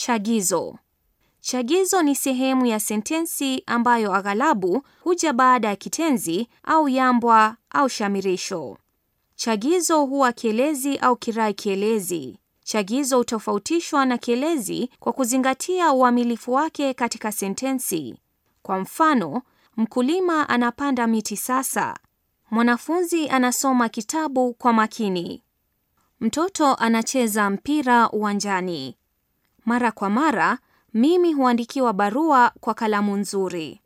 Chagizo. Chagizo ni sehemu ya sentensi ambayo aghalabu huja baada ya kitenzi au yambwa au shamirisho. Chagizo huwa kielezi au kirai kielezi. Chagizo hutofautishwa na kielezi kwa kuzingatia uamilifu wake katika sentensi. Kwa mfano, mkulima anapanda miti sasa. Mwanafunzi anasoma kitabu kwa makini. Mtoto anacheza mpira uwanjani. Mara kwa mara, mimi huandikiwa barua kwa kalamu nzuri.